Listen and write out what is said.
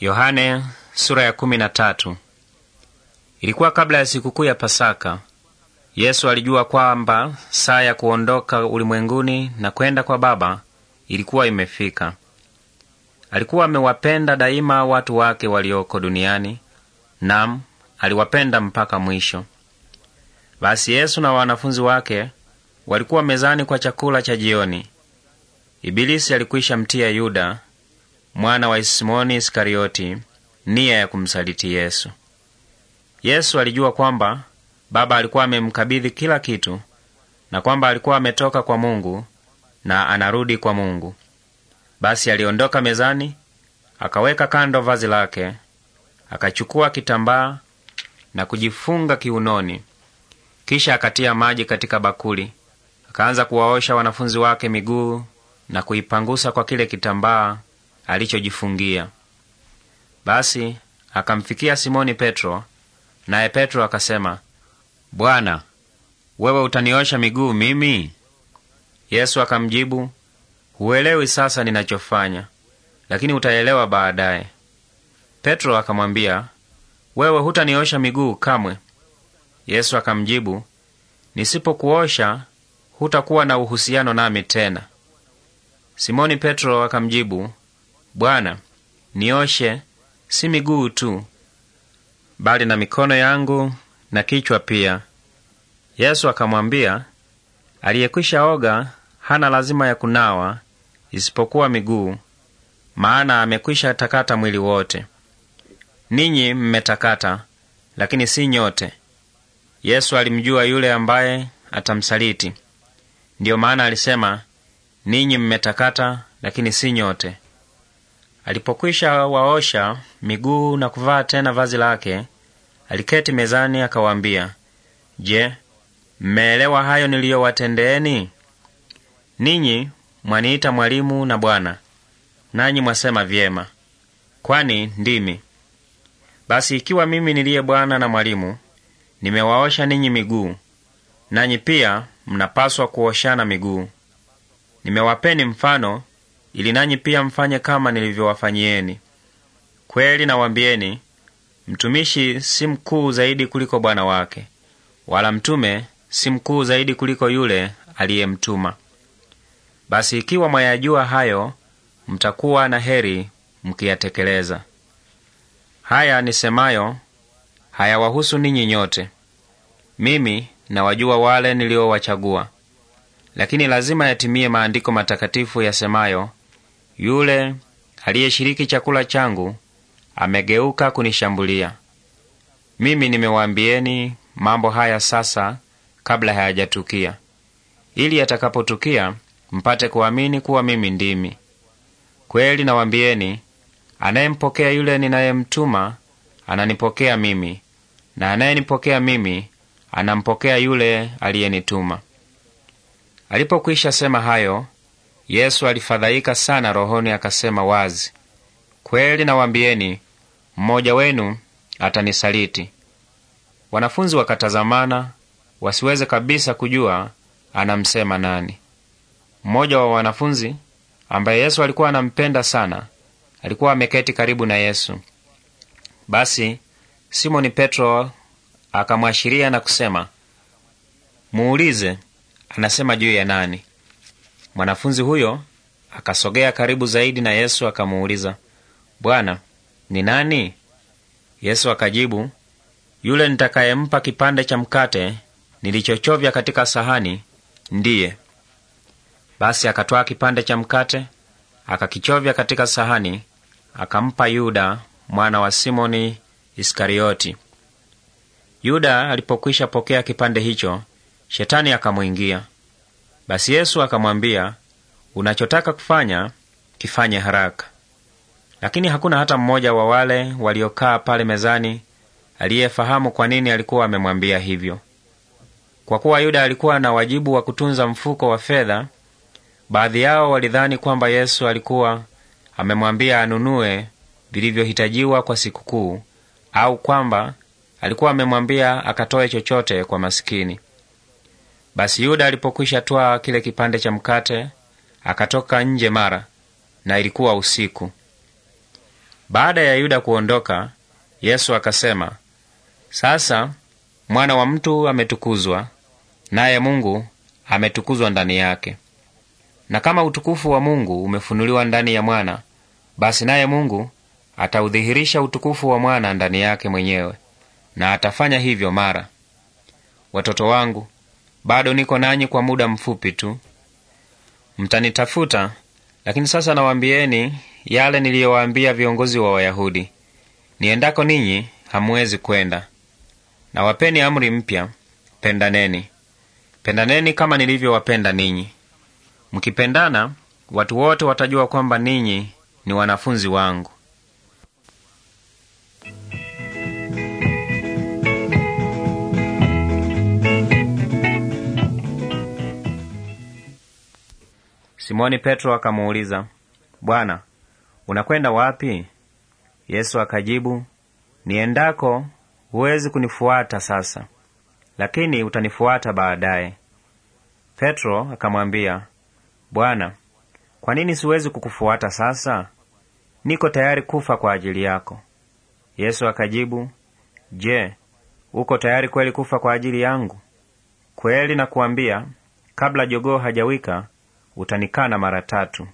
Yohane, sura ya kumi na tatu. Ilikuwa kabla ya sikukuu ya Pasaka. Yesu alijua kwamba saa ya kuondoka ulimwenguni na kwenda kwa Baba ilikuwa imefika. Alikuwa amewapenda daima watu wake walioko duniani, nam aliwapenda mpaka mwisho. Basi Yesu na wanafunzi wake walikuwa mezani kwa chakula cha jioni. Ibilisi alikwisha mtia Yuda mwana wa Simoni Iskarioti nia ya kumsaliti Yesu. Yesu alijua kwamba Baba alikuwa amemkabidhi kila kitu na kwamba alikuwa ametoka kwa Mungu na anarudi kwa Mungu. Basi aliondoka mezani, akaweka kando vazi lake, akachukua kitambaa na kujifunga kiunoni. Kisha akatia maji katika bakuli, akaanza kuwaosha wanafunzi wake miguu na kuipangusa kwa kile kitambaa alichojifungia. Basi akamfikia Simoni Petro, naye Petro akasema, Bwana, wewe utaniosha miguu mimi? Yesu akamjibu, huelewi sasa ninachofanya, lakini utaelewa baadaye. Petro akamwambia, wewe hutaniosha miguu kamwe. Yesu akamjibu, nisipokuosha hutakuwa na uhusiano nami tena. Simoni Petro akamjibu, Bwana, nioshe si miguu tu, bali na mikono yangu na kichwa pia. Yesu akamwambia, aliyekwisha oga hana lazima ya kunawa isipokuwa miguu, maana amekwisha takata mwili wote. Ninyi mmetakata, lakini si nyote. Yesu alimjua yule ambaye atamsaliti, ndiyo maana alisema, ninyi mmetakata, lakini si nyote. Alipokwisha waosha miguu na kuvaa tena vazi lake, aliketi mezani akawaambia, Je, mmeelewa hayo niliyowatendeeni? Ninyi mwaniita mwalimu na Bwana, nanyi mwasema vyema, kwani ndimi. Basi ikiwa mimi niliye Bwana na mwalimu nimewaosha ninyi miguu, nanyi pia mnapaswa kuoshana miguu. Nimewapeni mfano ili nanyi pia mfanye kama nilivyowafanyieni. Kweli nawambieni, mtumishi si mkuu zaidi kuliko bwana wake, wala mtume si mkuu zaidi kuliko yule aliyemtuma. Basi ikiwa mwayajua hayo, mtakuwa na heri mkiyatekeleza. Haya nisemayo hayawahusu ninyi nyote. Mimi nawajua wale niliowachagua, lakini lazima yatimie maandiko matakatifu yasemayo, yule aliyeshiriki chakula changu amegeuka kunishambulia. Mimi nimewaambieni mambo haya sasa kabla hayajatukia, ili yatakapotukia mpate kuamini kuwa mimi ndimi. Kweli nawaambieni, anayempokea yule ninayemtuma ananipokea mimi, na anayenipokea mimi anampokea yule aliyenituma. Alipokwisha sema hayo, Yesu alifadhaika sana rohoni, akasema wazi, kweli nawambieni, mmoja wenu atanisaliti. Wanafunzi wakatazamana wasiweze kabisa kujua anamsema nani. Mmoja wa wanafunzi ambaye Yesu alikuwa anampenda sana alikuwa ameketi karibu na Yesu. Basi Simoni Petro akamwashiria na kusema, muulize anasema juu ya nani. Mwanafunzi huyo akasogea karibu zaidi na Yesu akamuuliza, Bwana, ni nani? Yesu akajibu, yule nitakayempa kipande cha mkate nilichochovya katika sahani ndiye. Basi akatwaa kipande cha mkate akakichovya katika sahani, akampa Yuda mwana wa Simoni Iskarioti. Yuda alipokwisha pokea kipande hicho, shetani akamwingia. Basi Yesu akamwambia, unachotaka kufanya kifanye haraka. Lakini hakuna hata mmoja wa wale waliokaa pale mezani aliyefahamu kwa nini alikuwa amemwambia hivyo. Kwa kuwa Yuda alikuwa na wajibu wa kutunza mfuko wa fedha, baadhi yao walidhani kwamba Yesu alikuwa amemwambia anunue vilivyohitajiwa kwa sikukuu au kwamba alikuwa amemwambia akatoe chochote kwa masikini. Basi Yuda alipokwisha twaa kile kipande cha mkate, akatoka nje mara, na ilikuwa usiku. Baada ya Yuda kuondoka, Yesu akasema, sasa mwana wa mtu ametukuzwa, naye Mungu ametukuzwa ndani yake. Na kama utukufu wa Mungu umefunuliwa ndani ya mwana, basi naye Mungu ataudhihirisha utukufu wa mwana ndani yake mwenyewe, na atafanya hivyo mara. Watoto wangu, bado niko nanyi kwa muda mfupi tu. Mtanitafuta, lakini sasa nawaambieni yale niliyowaambia viongozi wa Wayahudi: niendako ninyi hamuwezi kwenda. nawapeni amri mpya, pendaneni. Pendaneni kama nilivyowapenda ninyi. Mkipendana, watu wote watajua kwamba ninyi ni wanafunzi wangu. Simoni Petro akamuuliza, Bwana, unakwenda wapi? Yesu akajibu, niendako huwezi kunifuata sasa, lakini utanifuata baadaye. Petro akamwambia, Bwana, kwa nini siwezi kukufuata sasa? Niko tayari kufa kwa ajili yako. Yesu akajibu, Je, uko tayari kweli kufa kwa ajili yangu? Kweli nakuambia, kabla jogoo hajawika utanikana mara tatu.